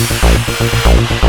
Thank you.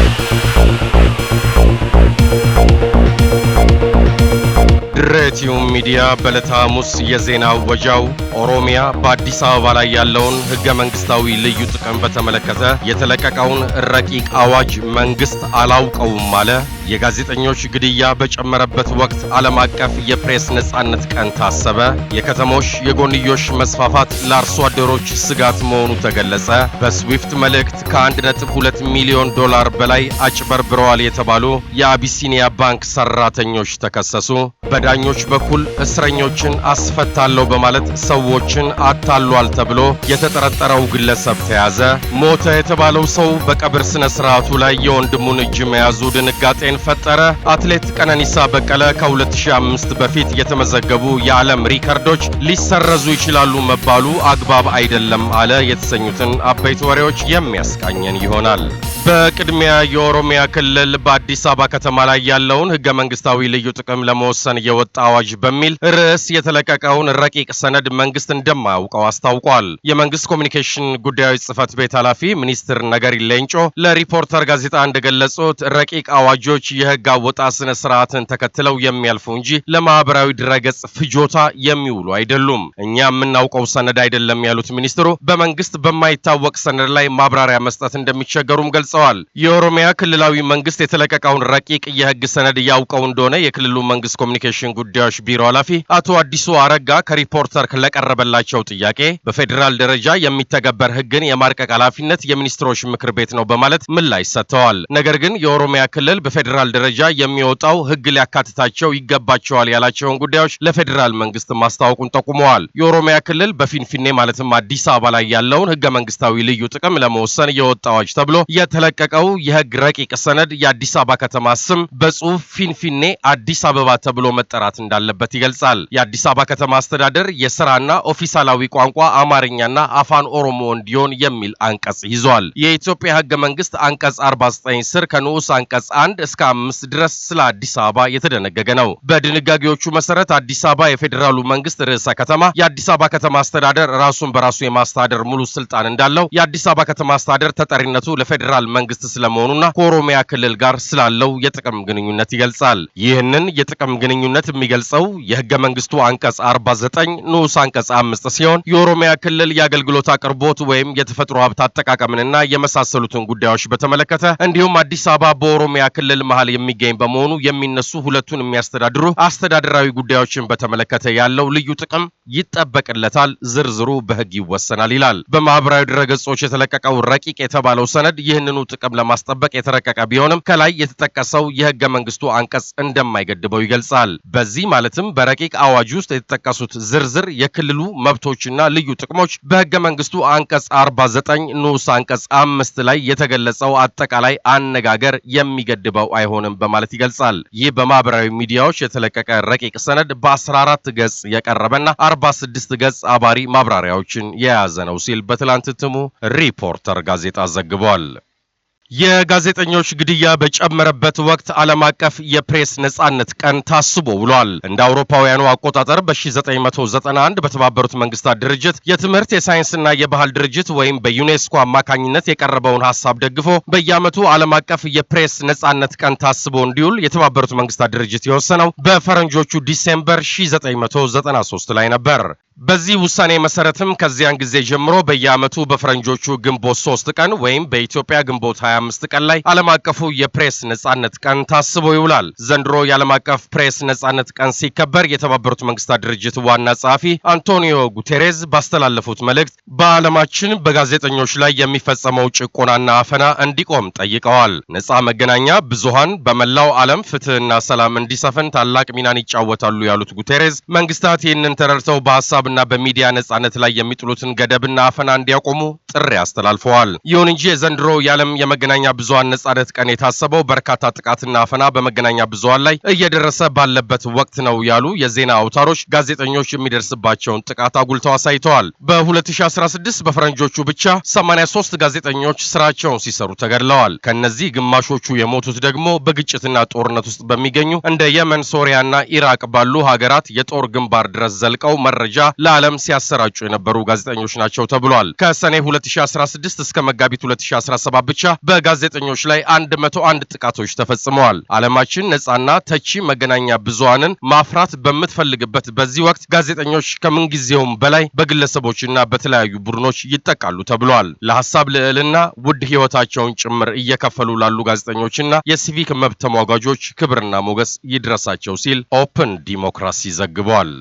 ሚዲያ በዕለተ ሐሙስ የዜና ወጃው ኦሮሚያ በአዲስ አበባ ላይ ያለውን ሕገ መንግስታዊ ልዩ ጥቅም በተመለከተ የተለቀቀውን ረቂቅ አዋጅ መንግስት አላውቀውም አለ። የጋዜጠኞች ግድያ በጨመረበት ወቅት ዓለም አቀፍ የፕሬስ ነጻነት ቀን ታሰበ። የከተሞች የጎንዮሽ መስፋፋት ለአርሶ አደሮች ስጋት መሆኑ ተገለጸ። በስዊፍት መልእክት ከ1.2 ሚሊዮን ዶላር በላይ አጭበርብረዋል የተባሉ የአቢሲኒያ ባንክ ሰራተኞች ተከሰሱ። በዳኞች በኩል እስረኞችን አስፈታለሁ በማለት ሰዎችን አታሏል ተብሎ የተጠረጠረው ግለሰብ ተያዘ። ሞተ የተባለው ሰው በቀብር ስነ ስርዓቱ ላይ የወንድሙን እጅ መያዙ ድንጋጤን ፈጠረ። አትሌት ቀነኒሳ በቀለ ከ2005 በፊት የተመዘገቡ የዓለም ሪከርዶች ሊሰረዙ ይችላሉ መባሉ አግባብ አይደለም አለ የተሰኙትን አበይት ወሬዎች የሚያስቃኘን ይሆናል። በቅድሚያ የኦሮሚያ ክልል በአዲስ አበባ ከተማ ላይ ያለውን ህገ መንግስታዊ ልዩ ጥቅም ለመወሰን የወጣ አዋጅ በሚ በሚል ርዕስ የተለቀቀውን ረቂቅ ሰነድ መንግስት እንደማያውቀው አስታውቋል። የመንግስት ኮሚኒኬሽን ጉዳዮች ጽህፈት ቤት ኃላፊ ሚኒስትር ነገሪ ሌንጮ ለሪፖርተር ጋዜጣ እንደገለጹት ረቂቅ አዋጆች የህግ አወጣ ስነ ስርዓትን ተከትለው የሚያልፉ እንጂ ለማህበራዊ ድረገጽ ፍጆታ የሚውሉ አይደሉም። እኛ የምናውቀው ሰነድ አይደለም ያሉት ሚኒስትሩ በመንግስት በማይታወቅ ሰነድ ላይ ማብራሪያ መስጠት እንደሚቸገሩም ገልጸዋል። የኦሮሚያ ክልላዊ መንግስት የተለቀቀውን ረቂቅ የህግ ሰነድ ያውቀው እንደሆነ የክልሉ መንግስት ኮሚኒኬሽን ጉዳዮች ቢሮ ኃላፊ አቶ አዲሱ አረጋ ከሪፖርተር ለቀረበላቸው ጥያቄ በፌዴራል ደረጃ የሚተገበር ህግን የማርቀቅ ኃላፊነት የሚኒስትሮች ምክር ቤት ነው በማለት ምላሽ ሰጥተዋል። ነገር ግን የኦሮሚያ ክልል በፌዴራል ደረጃ የሚወጣው ህግ ሊያካትታቸው ይገባቸዋል ያላቸውን ጉዳዮች ለፌዴራል መንግስት ማስታወቁን ጠቁመዋል። የኦሮሚያ ክልል በፊንፊኔ ማለትም አዲስ አበባ ላይ ያለውን ህገ መንግስታዊ ልዩ ጥቅም ለመወሰን የወጣ አዋጅ ተብሎ የተለቀቀው የህግ ረቂቅ ሰነድ የአዲስ አበባ ከተማ ስም በጽሁፍ ፊንፊኔ አዲስ አበባ ተብሎ መጠራት እንዳለበት እንደሆነበት ይገልጻል። የአዲስ አበባ ከተማ አስተዳደር የስራና ኦፊሳላዊ ቋንቋ አማርኛና አፋን ኦሮሞ እንዲሆን የሚል አንቀጽ ይዟል። የኢትዮጵያ ህገ መንግስት አንቀጽ 49 ስር ከንዑስ አንቀጽ 1 እስከ 5 ድረስ ስለ አዲስ አበባ የተደነገገ ነው። በድንጋጌዎቹ መሰረት አዲስ አበባ የፌዴራሉ መንግስት ርዕሰ ከተማ፣ የአዲስ አበባ ከተማ አስተዳደር ራሱን በራሱ የማስተዳደር ሙሉ ስልጣን እንዳለው፣ የአዲስ አበባ ከተማ አስተዳደር ተጠሪነቱ ለፌዴራል መንግስት ስለመሆኑና ከኦሮሚያ ክልል ጋር ስላለው የጥቅም ግንኙነት ይገልጻል። ይህንን የጥቅም ግንኙነት የሚገልጸው የህገ መንግስቱ አንቀጽ 49 ንዑስ አንቀጽ 5 ሲሆን የኦሮሚያ ክልል የአገልግሎት አቅርቦት ወይም የተፈጥሮ ሀብት አጠቃቀምንና የመሳሰሉትን ጉዳዮች በተመለከተ እንዲሁም አዲስ አበባ በኦሮሚያ ክልል መሀል የሚገኝ በመሆኑ የሚነሱ ሁለቱን የሚያስተዳድሩ አስተዳደራዊ ጉዳዮችን በተመለከተ ያለው ልዩ ጥቅም ይጠበቅለታል፣ ዝርዝሩ በህግ ይወሰናል ይላል። በማህበራዊ ድረገጾች የተለቀቀው ረቂቅ የተባለው ሰነድ ይህንኑ ጥቅም ለማስጠበቅ የተረቀቀ ቢሆንም ከላይ የተጠቀሰው የህገ መንግስቱ አንቀጽ እንደማይገድበው ይገልጻል። በዚህ ማለትም በረቂቅ አዋጅ ውስጥ የተጠቀሱት ዝርዝር የክልሉ መብቶችና ልዩ ጥቅሞች በህገ መንግስቱ አንቀጽ 49 ንዑስ አንቀጽ አምስት ላይ የተገለጸው አጠቃላይ አነጋገር የሚገድበው አይሆንም በማለት ይገልጻል። ይህ በማህበራዊ ሚዲያዎች የተለቀቀ ረቂቅ ሰነድ በ14 ገጽ የቀረበና 46 ገጽ አባሪ ማብራሪያዎችን የያዘ ነው ሲል በትላንት እትሙ ሪፖርተር ጋዜጣ ዘግቧል። የጋዜጠኞች ግድያ በጨመረበት ወቅት ዓለም አቀፍ የፕሬስ ነጻነት ቀን ታስቦ ውሏል። እንደ አውሮፓውያኑ አቆጣጠር በ1991 በተባበሩት መንግስታት ድርጅት የትምህርት የሳይንስና የባህል ድርጅት ወይም በዩኔስኮ አማካኝነት የቀረበውን ሀሳብ ደግፎ በየዓመቱ ዓለም አቀፍ የፕሬስ ነጻነት ቀን ታስቦ እንዲውል የተባበሩት መንግስታት ድርጅት የወሰነው በፈረንጆቹ ዲሴምበር 1993 ላይ ነበር። በዚህ ውሳኔ መሰረትም ከዚያን ጊዜ ጀምሮ በየዓመቱ በፈረንጆቹ ግንቦት ሶስት ቀን ወይም በኢትዮጵያ ግንቦት 25 ቀን ላይ ዓለም አቀፉ የፕሬስ ነጻነት ቀን ታስቦ ይውላል። ዘንድሮ የዓለም አቀፍ ፕሬስ ነጻነት ቀን ሲከበር የተባበሩት መንግስታት ድርጅት ዋና ጸሐፊ አንቶኒዮ ጉቴሬዝ ባስተላለፉት መልእክት በዓለማችን በጋዜጠኞች ላይ የሚፈጸመው ጭቆናና አፈና እንዲቆም ጠይቀዋል። ነጻ መገናኛ ብዙሃን በመላው ዓለም ፍትህና ሰላም እንዲሰፍን ታላቅ ሚናን ይጫወታሉ ያሉት ጉቴሬዝ መንግስታት ይህንን ተረድተው በሀሳብ በሀሳብና በሚዲያ ነጻነት ላይ የሚጥሉትን ገደብና አፈና እንዲያቆሙ ጥሪ አስተላልፈዋል። ይሁን እንጂ የዘንድሮ የዓለም የመገናኛ ብዙሃን ነጻነት ቀን የታሰበው በርካታ ጥቃትና አፈና በመገናኛ ብዙሃን ላይ እየደረሰ ባለበት ወቅት ነው ያሉ የዜና አውታሮች ጋዜጠኞች የሚደርስባቸውን ጥቃት አጉልተው አሳይተዋል። በ2016 በፈረንጆቹ ብቻ 83 ጋዜጠኞች ስራቸውን ሲሰሩ ተገድለዋል። ከነዚህ ግማሾቹ የሞቱት ደግሞ በግጭትና ጦርነት ውስጥ በሚገኙ እንደ የመን፣ ሶሪያና ኢራቅ ባሉ ሀገራት የጦር ግንባር ድረስ ዘልቀው መረጃ ለዓለም ሲያሰራጩ የነበሩ ጋዜጠኞች ናቸው ተብሏል። ከሰኔ 2016 እስከ መጋቢት 2017 ብቻ በጋዜጠኞች ላይ 101 ጥቃቶች ተፈጽመዋል። ዓለማችን ነጻና ተቺ መገናኛ ብዙሃንን ማፍራት በምትፈልግበት በዚህ ወቅት ጋዜጠኞች ከምንጊዜውም በላይ በግለሰቦችና በተለያዩ ቡድኖች ይጠቃሉ ተብሏል። ለሀሳብ ልዕልና ውድ ሕይወታቸውን ጭምር እየከፈሉ ላሉ ጋዜጠኞችና የሲቪክ መብት ተሟጓጆች ክብርና ሞገስ ይድረሳቸው ሲል ኦፕን ዲሞክራሲ ዘግቧል።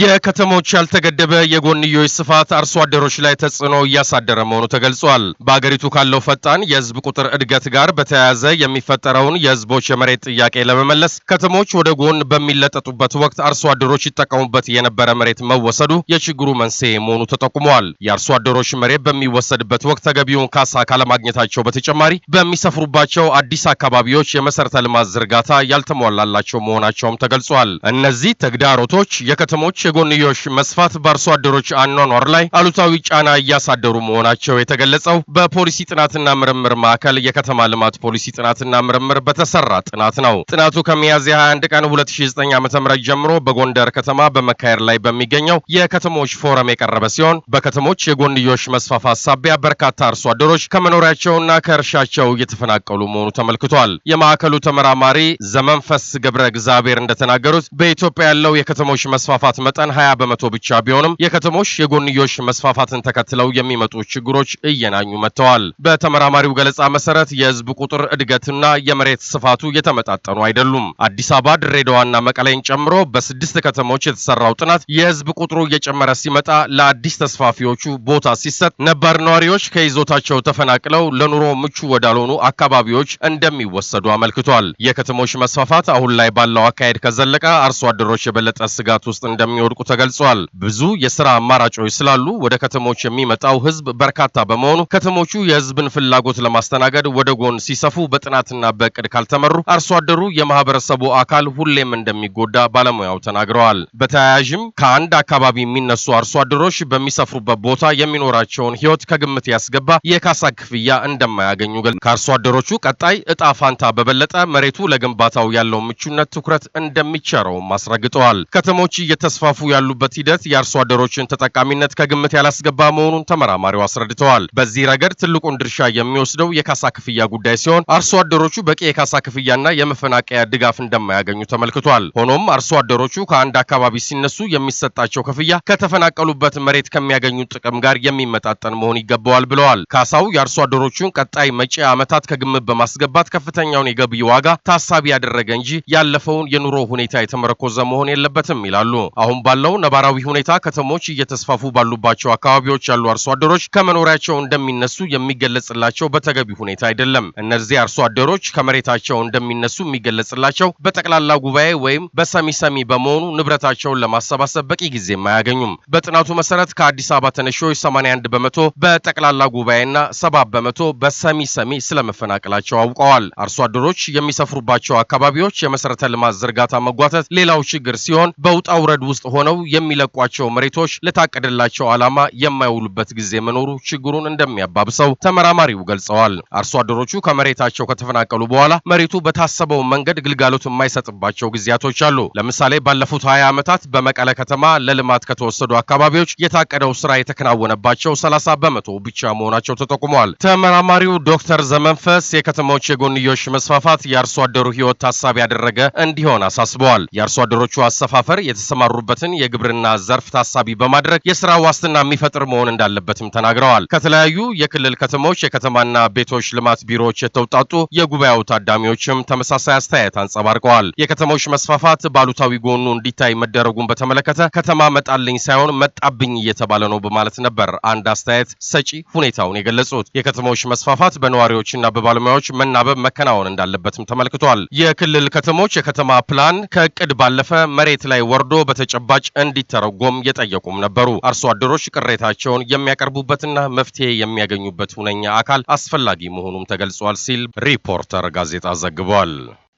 የከተሞች ያልተገደበ የጎንዮሽ ስፋት አርሶ አደሮች ላይ ተጽዕኖ እያሳደረ መሆኑ ተገልጿል። በአገሪቱ ካለው ፈጣን የህዝብ ቁጥር እድገት ጋር በተያያዘ የሚፈጠረውን የህዝቦች የመሬት ጥያቄ ለመመለስ ከተሞች ወደ ጎን በሚለጠጡበት ወቅት አርሶ አደሮች ይጠቀሙበት የነበረ መሬት መወሰዱ የችግሩ መንስኤ መሆኑ ተጠቁመዋል። የአርሶ አደሮች መሬት በሚወሰድበት ወቅት ተገቢውን ካሳ ካለማግኘታቸው በተጨማሪ በሚሰፍሩባቸው አዲስ አካባቢዎች የመሰረተ ልማት ዝርጋታ ያልተሟላላቸው መሆናቸውም ተገልጿል። እነዚህ ተግዳሮቶች የከተሞች ችግሮች የጎንዮሽ መስፋት በአርሶ አደሮች አኗኗር ላይ አሉታዊ ጫና እያሳደሩ መሆናቸው የተገለጸው በፖሊሲ ጥናትና ምርምር ማዕከል የከተማ ልማት ፖሊሲ ጥናትና ምርምር በተሰራ ጥናት ነው። ጥናቱ ከሚያዝያ 21 ቀን 2009 ዓ ም ጀምሮ በጎንደር ከተማ በመካሄድ ላይ በሚገኘው የከተሞች ፎረም የቀረበ ሲሆን በከተሞች የጎንዮሽ መስፋፋት ሳቢያ በርካታ አርሶ አደሮች ከመኖሪያቸውና ከእርሻቸው እየተፈናቀሉ መሆኑ ተመልክቷል። የማዕከሉ ተመራማሪ ዘመንፈስ ገብረ እግዚአብሔር እንደተናገሩት በኢትዮጵያ ያለው የከተሞች መስፋፋት መጠን 20 በመቶ ብቻ ቢሆንም የከተሞች የጎንዮሽ መስፋፋትን ተከትለው የሚመጡ ችግሮች እየናኙ መጥተዋል። በተመራማሪው ገለጻ መሰረት የህዝብ ቁጥር እድገትና የመሬት ስፋቱ የተመጣጠኑ አይደሉም። አዲስ አበባ፣ ድሬዳዋና መቀሌን ጨምሮ በስድስት ከተሞች የተሰራው ጥናት የህዝብ ቁጥሩ እየጨመረ ሲመጣ ለአዲስ ተስፋፊዎቹ ቦታ ሲሰጥ ነባር ነዋሪዎች ከይዞታቸው ተፈናቅለው ለኑሮ ምቹ ወዳልሆኑ አካባቢዎች እንደሚወሰዱ አመልክቷል። የከተሞች መስፋፋት አሁን ላይ ባለው አካሄድ ከዘለቀ አርሶ አደሮች የበለጠ ስጋት ውስጥ እንደሚ እንደሚወድቁ ተገልጿል። ብዙ የስራ አማራጮች ስላሉ ወደ ከተሞች የሚመጣው ህዝብ በርካታ በመሆኑ ከተሞቹ የህዝብን ፍላጎት ለማስተናገድ ወደ ጎን ሲሰፉ በጥናትና በእቅድ ካልተመሩ አርሶ አደሩ የማህበረሰቡ አካል ሁሌም እንደሚጎዳ ባለሙያው ተናግረዋል። በተያያዥም ከአንድ አካባቢ የሚነሱ አርሶ አደሮች በሚሰፍሩበት ቦታ የሚኖራቸውን ህይወት ከግምት ያስገባ የካሳ ክፍያ እንደማያገኙ ከአርሶ አደሮቹ ቀጣይ እጣ ፋንታ በበለጠ መሬቱ ለግንባታው ያለው ምቹነት ትኩረት እንደሚቸረውም አስረግጠዋል። ከተሞች እየተስፋ እየተስፋፉ ያሉበት ሂደት የአርሶ አደሮችን ተጠቃሚነት ከግምት ያላስገባ መሆኑን ተመራማሪው አስረድተዋል። በዚህ ረገድ ትልቁን ድርሻ የሚወስደው የካሳ ክፍያ ጉዳይ ሲሆን አርሶ አደሮቹ በቂ የካሳ ክፍያና የመፈናቀያ ድጋፍ እንደማያገኙ ተመልክቷል። ሆኖም አርሶ አደሮቹ ከአንድ አካባቢ ሲነሱ የሚሰጣቸው ክፍያ ከተፈናቀሉበት መሬት ከሚያገኙ ጥቅም ጋር የሚመጣጠን መሆን ይገባዋል ብለዋል። ካሳው የአርሶ አደሮቹን ቀጣይ መጪ ዓመታት ከግምት በማስገባት ከፍተኛውን የገቢ ዋጋ ታሳቢ ያደረገ እንጂ ያለፈውን የኑሮ ሁኔታ የተመረኮዘ መሆን የለበትም ይላሉ። አሁን አሁን ባለው ነባራዊ ሁኔታ ከተሞች እየተስፋፉ ባሉባቸው አካባቢዎች ያሉ አርሶ አደሮች ከመኖሪያቸው እንደሚነሱ የሚገለጽላቸው በተገቢ ሁኔታ አይደለም። እነዚህ አርሶ አደሮች ከመሬታቸው እንደሚነሱ የሚገለጽላቸው በጠቅላላ ጉባኤ ወይም በሰሚ ሰሚ በመሆኑ ንብረታቸውን ለማሰባሰብ በቂ ጊዜም አያገኙም። በጥናቱ መሰረት ከአዲስ አበባ ተነሺዎች 81 በመቶ በጠቅላላ ጉባኤና 7 በመቶ በሰሚ ሰሚ ስለመፈናቀላቸው አውቀዋል። አርሶ አደሮች የሚሰፍሩባቸው አካባቢዎች የመሰረተ ልማት ዝርጋታ መጓተት ሌላው ችግር ሲሆን በውጣ ውረድ ውስጥ ሆነው የሚለቋቸው መሬቶች ለታቀደላቸው ዓላማ የማይውሉበት ጊዜ መኖሩ ችግሩን እንደሚያባብሰው ተመራማሪው ገልጸዋል። አርሶ አደሮቹ ከመሬታቸው ከተፈናቀሉ በኋላ መሬቱ በታሰበው መንገድ ግልጋሎት የማይሰጥባቸው ጊዜያቶች አሉ። ለምሳሌ ባለፉት 20 ዓመታት በመቀለ ከተማ ለልማት ከተወሰዱ አካባቢዎች የታቀደው ስራ የተከናወነባቸው 30 በመቶ ብቻ መሆናቸው ተጠቁመዋል። ተመራማሪው ዶክተር ዘመንፈስ የከተሞች የጎንዮሽ መስፋፋት የአርሶ አደሩ ህይወት ታሳቢ ያደረገ እንዲሆን አሳስበዋል። የአርሶ አደሮቹ አሰፋፈር የተሰማሩ የሚሰሩበትን የግብርና ዘርፍ ታሳቢ በማድረግ የስራ ዋስትና የሚፈጥር መሆን እንዳለበትም ተናግረዋል። ከተለያዩ የክልል ከተሞች የከተማና ቤቶች ልማት ቢሮዎች የተውጣጡ የጉባኤው ታዳሚዎችም ተመሳሳይ አስተያየት አንጸባርቀዋል። የከተሞች መስፋፋት ባሉታዊ ጎኑ እንዲታይ መደረጉን በተመለከተ ከተማ መጣልኝ ሳይሆን መጣብኝ እየተባለ ነው በማለት ነበር አንድ አስተያየት ሰጪ ሁኔታውን የገለጹት። የከተሞች መስፋፋት በነዋሪዎችና በባለሙያዎች መናበብ መከናወን እንዳለበትም ተመልክቷል። የክልል ከተሞች የከተማ ፕላን ከእቅድ ባለፈ መሬት ላይ ወርዶ በተጨ በተጨባጭ እንዲተረጎም የጠየቁም ነበሩ። አርሶ አደሮች ቅሬታቸውን የሚያቀርቡበትና መፍትሄ የሚያገኙበት ሁነኛ አካል አስፈላጊ መሆኑም ተገልጿል ሲል ሪፖርተር ጋዜጣ ዘግቧል።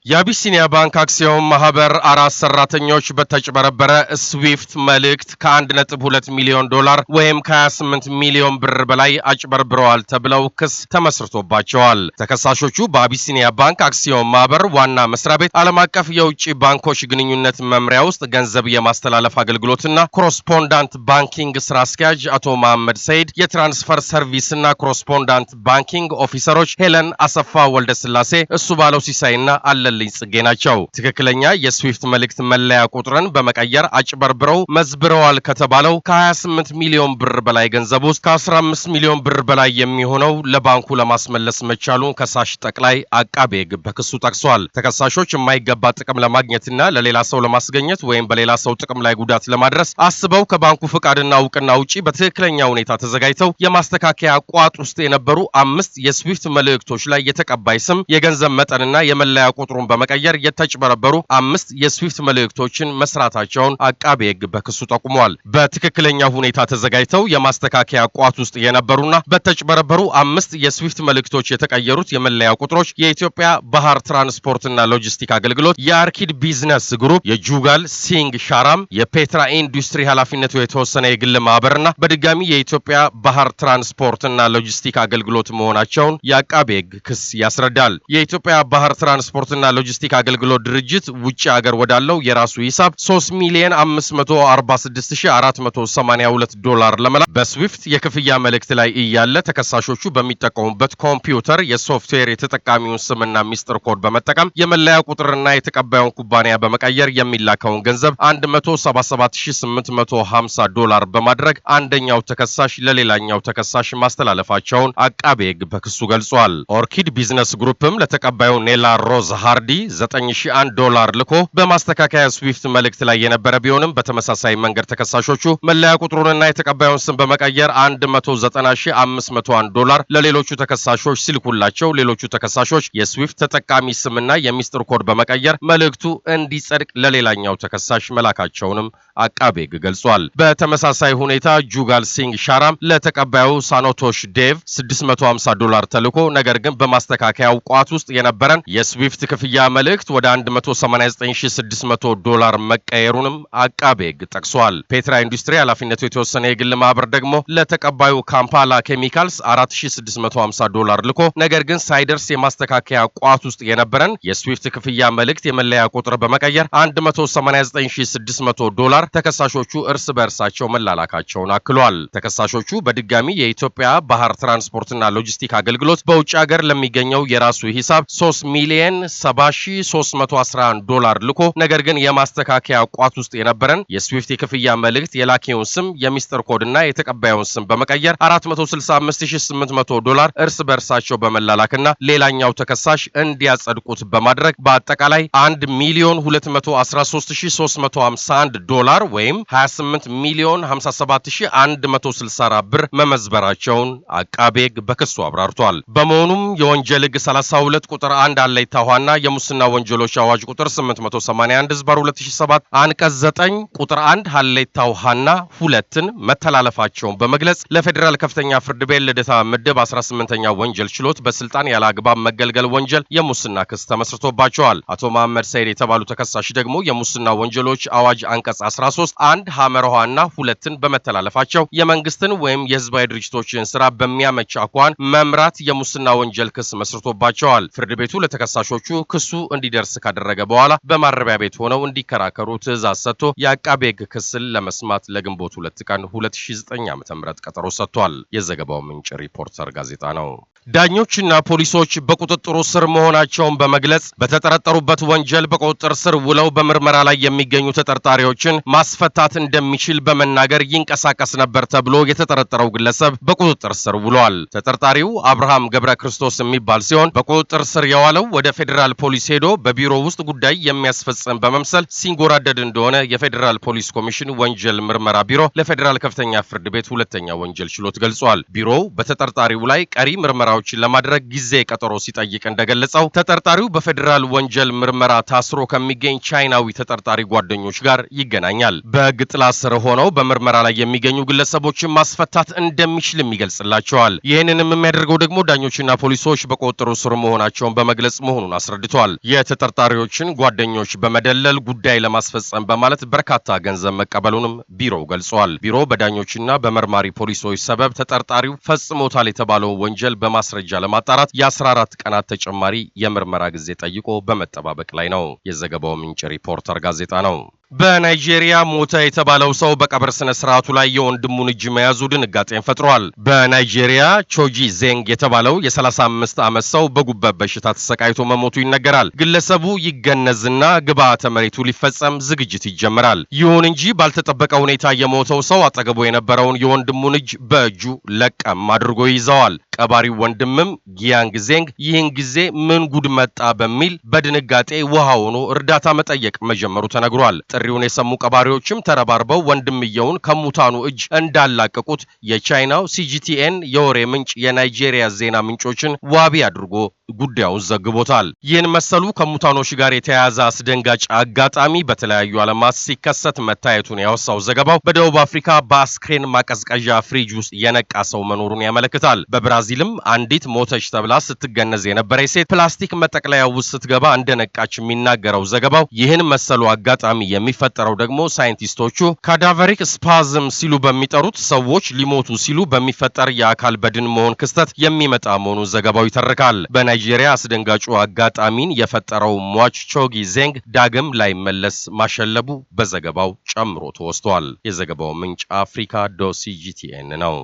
የአቢሲኒያ ባንክ አክሲዮን ማህበር አራት ሰራተኞች በተጭበረበረ ስዊፍት መልእክት ከ1.2 ሚሊዮን ዶላር ወይም ከ28 ሚሊዮን ብር በላይ አጭበርብረዋል ተብለው ክስ ተመስርቶባቸዋል። ተከሳሾቹ በአቢሲኒያ ባንክ አክሲዮን ማህበር ዋና መስሪያ ቤት ዓለም አቀፍ የውጭ ባንኮች ግንኙነት መምሪያ ውስጥ ገንዘብ የማስተላለፍ አገልግሎትና ኮረስፖንዳንት ባንኪንግ ስራ አስኪያጅ አቶ መሐመድ ሰይድ፣ የትራንስፈር ሰርቪስና ኮረስፖንዳንት ባንኪንግ ኦፊሰሮች ሄለን አሰፋ ወልደስላሴ፣ እሱ ባለው ሲሳይና አለ ያደረገልኝ ጽጌ ናቸው። ትክክለኛ የስዊፍት መልእክት መለያ ቁጥርን በመቀየር አጭበርብረው መዝብረዋል ከተባለው ከ28 ሚሊዮን ብር በላይ ገንዘብ ውስጥ ከ15 ሚሊዮን ብር በላይ የሚሆነው ለባንኩ ለማስመለስ መቻሉን ከሳሽ ጠቅላይ አቃቤ ሕግ በክሱ ጠቅሷል። ተከሳሾች የማይገባ ጥቅም ለማግኘትና ለሌላ ሰው ለማስገኘት ወይም በሌላ ሰው ጥቅም ላይ ጉዳት ለማድረስ አስበው ከባንኩ ፍቃድና እውቅና ውጪ በትክክለኛ ሁኔታ ተዘጋጅተው የማስተካከያ ቋጥ ውስጥ የነበሩ አምስት የስዊፍት መልእክቶች ላይ የተቀባይ ስም፣ የገንዘብ መጠንና የመለያ ቁጥሩ ቁጥሩን በመቀየር የተጭበረበሩ አምስት የስዊፍት መልእክቶችን መስራታቸውን አቃቤ ሕግ በክሱ ጠቁመዋል። በትክክለኛ ሁኔታ ተዘጋጅተው የማስተካከያ ቋት ውስጥ የነበሩና በተጭበረበሩ አምስት የስዊፍት መልእክቶች የተቀየሩት የመለያ ቁጥሮች የኢትዮጵያ ባህር ትራንስፖርትና ሎጂስቲክ አገልግሎት፣ የአርኪድ ቢዝነስ ግሩፕ፣ የጁጋል ሲንግ ሻራም፣ የፔትራ ኢንዱስትሪ ኃላፊነቱ የተወሰነ የግል ማህበርና በድጋሚ የኢትዮጵያ ባህር ትራንስፖርትና ሎጂስቲክ አገልግሎት መሆናቸውን የአቃቤ ሕግ ክስ ያስረዳል። የኢትዮጵያ ባህር ትራንስፖርትና ሎጂስቲክ አገልግሎት ድርጅት ውጭ ሀገር ወዳለው የራሱ ሂሳብ 3 ሚሊዮን 546482 ዶላር ለመላክ በስዊፍት የክፍያ መልእክት ላይ እያለ ተከሳሾቹ በሚጠቀሙበት ኮምፒውተር የሶፍትዌር የተጠቃሚውን ስምና ሚስጥር ኮድ በመጠቀም የመለያ ቁጥርና የተቀባዩን ኩባንያ በመቀየር የሚላከውን ገንዘብ 177850 ዶላር በማድረግ አንደኛው ተከሳሽ ለሌላኛው ተከሳሽ ማስተላለፋቸውን አቃቤ ሕግ በክሱ ገልጿል። ኦርኪድ ቢዝነስ ግሩፕም ለተቀባዩ ኔላ ሮዝ ሃሪ ቢአርዲ 9001 ዶላር ልኮ በማስተካከያ ስዊፍት መልእክት ላይ የነበረ ቢሆንም በተመሳሳይ መንገድ ተከሳሾቹ መለያ ቁጥሩንና የተቀባዩን ስም በመቀየር 190501 ዶላር ለሌሎቹ ተከሳሾች ሲልኩላቸው ሌሎቹ ተከሳሾች የስዊፍት ተጠቃሚ ስምና የሚስጥር ኮድ በመቀየር መልእክቱ እንዲጸድቅ ለሌላኛው ተከሳሽ መላካቸውንም አቃቤ ሕግ ገልጿል። በተመሳሳይ ሁኔታ ጁጋል ሲንግ ሻራም ለተቀባዩ ሳኖቶሽ ዴቭ 650 ዶላር ተልኮ ነገር ግን በማስተካከያው ቋት ውስጥ የነበረን የስዊፍት ክፍያ የክፍያ መልእክት ወደ 189600 ዶላር መቀየሩንም አቃቤ ሕግ ጠቅሷል። ፔትራ ኢንዱስትሪ ኃላፊነቱ የተወሰነ የግል ማህበር ደግሞ ለተቀባዩ ካምፓላ ኬሚካልስ 4650 ዶላር ልኮ ነገር ግን ሳይደርስ የማስተካከያ ቋት ውስጥ የነበረን የስዊፍት ክፍያ መልእክት የመለያ ቁጥር በመቀየር 189600 ዶላር ተከሳሾቹ እርስ በእርሳቸው መላላካቸውን አክሏል። ተከሳሾቹ በድጋሚ የኢትዮጵያ ባህር ትራንስፖርትና ሎጂስቲክ አገልግሎት በውጭ ሀገር ለሚገኘው የራሱ ሂሳብ 3 ሚሊየን 7 40311 ዶላር ልኮ ነገር ግን የማስተካከያ ቋት ውስጥ የነበረን የስዊፍት የክፍያ መልእክት የላኪውን ስም የሚስጥር ኮድና የተቀባዩን ስም በመቀየር 465800 ዶላር እርስ በእርሳቸው በመላላክና ሌላኛው ተከሳሽ እንዲያጸድቁት በማድረግ በአጠቃላይ 1 ሚሊዮን 213351 ዶላር ወይም 28 ሚሊዮን 57164 ብር መመዝበራቸውን አቃቤ ሕግ በክሱ አብራርቷል። በመሆኑም የወንጀል ሕግ 32 ቁጥር 1 የ የሙስና ወንጀሎች አዋጅ ቁጥር 881 ህዝባር 2007 አንቀጽ 9 ቁጥር 1 ሀሌታ ውሃና ሁለትን መተላለፋቸውን በመግለጽ ለፌዴራል ከፍተኛ ፍርድ ቤት ልደታ ምድብ 18ኛ ወንጀል ችሎት በስልጣን ያለ አግባብ መገልገል ወንጀል የሙስና ክስ ተመስርቶባቸዋል። አቶ መሐመድ ሰይድ የተባሉ ተከሳሽ ደግሞ የሙስና ወንጀሎች አዋጅ አንቀጽ 13 አንድ ውሃና ሁለትን በመተላለፋቸው የመንግስትን ወይም የህዝባዊ ድርጅቶችን ስራ በሚያመች አኳን መምራት የሙስና ወንጀል ክስ መስርቶባቸዋል። ፍርድ ቤቱ ለተከሳሾቹ ክሱ እንዲደርስ ካደረገ በኋላ በማረሚያ ቤት ሆነው እንዲከራከሩ ትዕዛዝ ሰጥቶ የአቃቤ ሕግ ክስል ለመስማት ለግንቦት ሁለት ቀን 2009 ዓ.ም ቀጠሮ ሰጥቷል። የዘገባው ምንጭ ሪፖርተር ጋዜጣ ነው። ዳኞችና ፖሊሶች በቁጥጥሩ ስር መሆናቸውን በመግለጽ በተጠረጠሩበት ወንጀል በቁጥጥር ስር ውለው በምርመራ ላይ የሚገኙ ተጠርጣሪዎችን ማስፈታት እንደሚችል በመናገር ይንቀሳቀስ ነበር ተብሎ የተጠረጠረው ግለሰብ በቁጥጥር ስር ውሏል። ተጠርጣሪው አብርሃም ገብረ ክርስቶስ የሚባል ሲሆን በቁጥጥር ስር የዋለው ወደ ፌዴራል ፖሊስ ሄዶ በቢሮ ውስጥ ጉዳይ የሚያስፈጽም በመምሰል ሲንጎራደድ እንደሆነ የፌዴራል ፖሊስ ኮሚሽን ወንጀል ምርመራ ቢሮ ለፌዴራል ከፍተኛ ፍርድ ቤት ሁለተኛ ወንጀል ችሎት ገልጿል። ቢሮው በተጠርጣሪው ላይ ቀሪ ምርመራ ምርመራዎችን ለማድረግ ጊዜ ቀጠሮ ሲጠይቅ እንደገለጸው ተጠርጣሪው በፌዴራል ወንጀል ምርመራ ታስሮ ከሚገኝ ቻይናዊ ተጠርጣሪ ጓደኞች ጋር ይገናኛል። በሕግ ጥላ ስር ሆነው በምርመራ ላይ የሚገኙ ግለሰቦችን ማስፈታት እንደሚችልም ይገልጽላቸዋል። ይህንንም የሚያደርገው ደግሞ ዳኞችና ፖሊሶች በቁጥጥሩ ስር መሆናቸውን በመግለጽ መሆኑን አስረድቷል። የተጠርጣሪዎችን ጓደኞች በመደለል ጉዳይ ለማስፈጸም በማለት በርካታ ገንዘብ መቀበሉንም ቢሮው ገልጿል። ቢሮው በዳኞችና በመርማሪ ፖሊሶች ሰበብ ተጠርጣሪው ፈጽሞታል የተባለውን ወንጀል በማ ማስረጃ ለማጣራት የ14 ቀናት ተጨማሪ የምርመራ ጊዜ ጠይቆ በመጠባበቅ ላይ ነው። የዘገባው ምንጭ ሪፖርተር ጋዜጣ ነው። በናይጄሪያ ሞተ የተባለው ሰው በቀብር ስነ ስርዓቱ ላይ የወንድሙን እጅ መያዙ ድንጋጤን ፈጥሯል። በናይጄሪያ ቾጂ ዜንግ የተባለው የ35 ዓመት ሰው በጉበት በሽታ ተሰቃይቶ መሞቱ ይነገራል። ግለሰቡ ይገነዝና ግብዓተ መሬቱ ሊፈጸም ዝግጅት ይጀምራል። ይሁን እንጂ ባልተጠበቀ ሁኔታ የሞተው ሰው አጠገቡ የነበረውን የወንድሙን እጅ በእጁ ለቀም አድርጎ ይዘዋል። ቀባሪው ወንድምም ጊያንግ ዜንግ ይህን ጊዜ ምን ጉድ መጣ በሚል በድንጋጤ ውሃ ሆኖ እርዳታ መጠየቅ መጀመሩ ተነግሯል። ጥሪውን የሰሙ ቀባሪዎችም ተረባርበው ወንድምየውን ከሙታኑ እጅ እንዳላቀቁት የቻይናው ሲጂቲኤን የወሬ ምንጭ የናይጄሪያ ዜና ምንጮችን ዋቢ አድርጎ ጉዳዩን ዘግቦታል። ይህን መሰሉ ከሙታኖች ጋር የተያያዘ አስደንጋጭ አጋጣሚ በተለያዩ ዓለማት ሲከሰት መታየቱን ያወሳው ዘገባው በደቡብ አፍሪካ በአስክሬን ማቀዝቀዣ ፍሪጅ ውስጥ የነቃ ሰው መኖሩን ያመለክታል። በብራዚልም አንዲት ሞተች ተብላ ስትገነዝ የነበረች ሴት ፕላስቲክ መጠቅለያ ውስጥ ስትገባ እንደነቃች የሚናገረው ዘገባው ይህን መሰሉ አጋጣሚ የሚ የሚፈጠረው ደግሞ ሳይንቲስቶቹ ካዳቨሪክ ስፓዝም ሲሉ በሚጠሩት ሰዎች ሊሞቱ ሲሉ በሚፈጠር የአካል በድን መሆን ክስተት የሚመጣ መሆኑን ዘገባው ይተርካል። በናይጄሪያ አስደንጋጩ አጋጣሚን የፈጠረው ሟች ቾጊ ዜንግ ዳግም ላይመለስ ማሸለቡ በዘገባው ጨምሮ ተወስቷል። የዘገባው ምንጭ አፍሪካ ዶሲጂቲኤን ነው።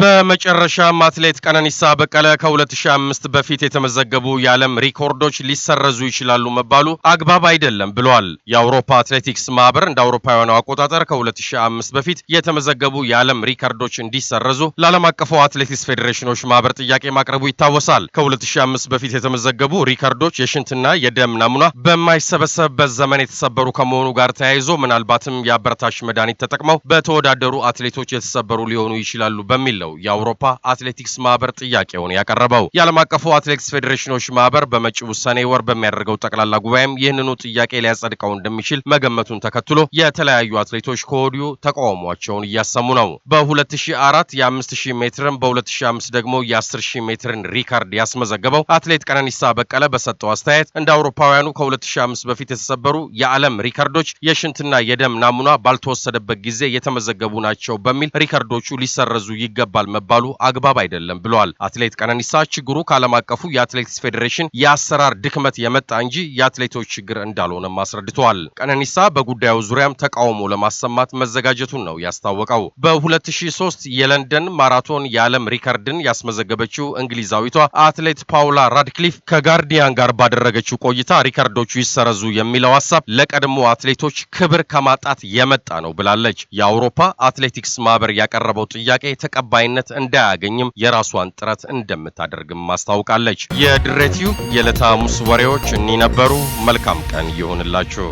በመጨረሻም አትሌት ቀነኒሳ በቀለ ከ2005 በፊት የተመዘገቡ የዓለም ሪኮርዶች ሊሰረዙ ይችላሉ መባሉ አግባብ አይደለም ብለዋል። የአውሮፓ አትሌቲክስ ማህበር እንደ አውሮፓውያኑ አቆጣጠር ከ2005 በፊት የተመዘገቡ የዓለም ሪከርዶች እንዲሰረዙ ለዓለም አቀፉ አትሌቲክስ ፌዴሬሽኖች ማህበር ጥያቄ ማቅረቡ ይታወሳል። ከ2005 በፊት የተመዘገቡ ሪከርዶች የሽንትና የደም ናሙና በማይሰበሰብበት ዘመን የተሰበሩ ከመሆኑ ጋር ተያይዞ ምናልባትም የአበረታሽ መድኃኒት ተጠቅመው በተወዳደሩ አትሌቶች የተሰበሩ ሊሆኑ ይችላሉ በሚል የሌለው የአውሮፓ አትሌቲክስ ማህበር ጥያቄውን ያቀረበው። የዓለም አቀፉ አትሌቲክስ ፌዴሬሽኖች ማህበር በመጪው ውሳኔ ወር በሚያደርገው ጠቅላላ ጉባኤም ይህንኑ ጥያቄ ሊያጸድቀው እንደሚችል መገመቱን ተከትሎ የተለያዩ አትሌቶች ከወዲሁ ተቃውሟቸውን እያሰሙ ነው። በ2004 የ5000 ሜትርን በ2005 ደግሞ የ10000 ሜትርን ሪካርድ ያስመዘገበው አትሌት ቀነኒሳ በቀለ በሰጠው አስተያየት እንደ አውሮፓውያኑ ከ2005 በፊት የተሰበሩ የዓለም ሪካርዶች የሽንትና የደም ናሙና ባልተወሰደበት ጊዜ የተመዘገቡ ናቸው በሚል ሪካርዶቹ ሊሰረዙ ይገባል ይገባል መባሉ አግባብ አይደለም ብለዋል። አትሌት ቀነኒሳ ችግሩ ከዓለም አቀፉ የአትሌቲክስ ፌዴሬሽን የአሰራር ድክመት የመጣ እንጂ የአትሌቶች ችግር እንዳልሆነም አስረድተዋል። ቀነኒሳ በጉዳዩ ዙሪያም ተቃውሞ ለማሰማት መዘጋጀቱን ነው ያስታወቀው። በ2003 የለንደን ማራቶን የዓለም ሪከርድን ያስመዘገበችው እንግሊዛዊቷ አትሌት ፓውላ ራድክሊፍ ከጋርዲያን ጋር ባደረገችው ቆይታ ሪከርዶቹ ይሰረዙ የሚለው ሀሳብ ለቀድሞ አትሌቶች ክብር ከማጣት የመጣ ነው ብላለች። የአውሮፓ አትሌቲክስ ማህበር ያቀረበው ጥያቄ ተቀባይ ተቀባይነት እንዳያገኝም የራሷን ጥረት እንደምታደርግም አስታውቃለች። የድሬቲው የዕለተ ሐሙስ ወሬዎች እኒ ነበሩ። መልካም ቀን ይሁንላችሁ።